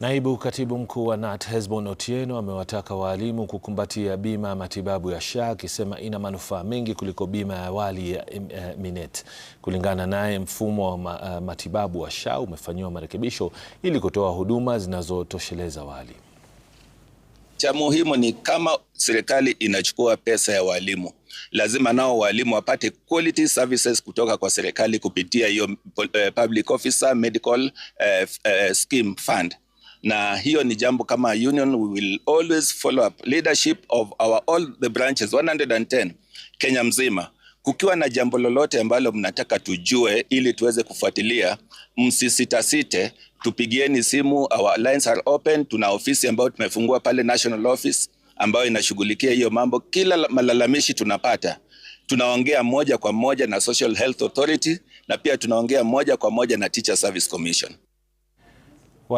Naibu katibu mkuu wa KNUT Hesbon Otieno amewataka waalimu kukumbatia bima ya matibabu ya SHA akisema ina manufaa mengi kuliko bima ya awali ya eh, Minet. Kulingana naye, mfumo wa eh, matibabu wa SHA umefanyiwa marekebisho ili kutoa huduma zinazotosheleza waalimu. Cha muhimu ni kama serikali inachukua pesa ya walimu, lazima nao walimu wapate quality services kutoka kwa serikali kupitia hiyo eh, public officer medical uh, uh, scheme fund na hiyo ni jambo kama union we will always follow up leadership of our all the branches 110 Kenya mzima kukiwa na jambo lolote ambalo mnataka tujue ili tuweze kufuatilia, msisitasite, tupigieni simu. Our lines are open. Tuna ofisi ambayo tumefungua pale National Office ambayo inashughulikia hiyo mambo. Kila malalamishi tunapata, tunaongea moja kwa moja na Social Health Authority na pia tunaongea moja kwa moja na Teacher Service Commission.